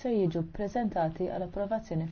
se jiġu ppreżentati għall approvazzjoni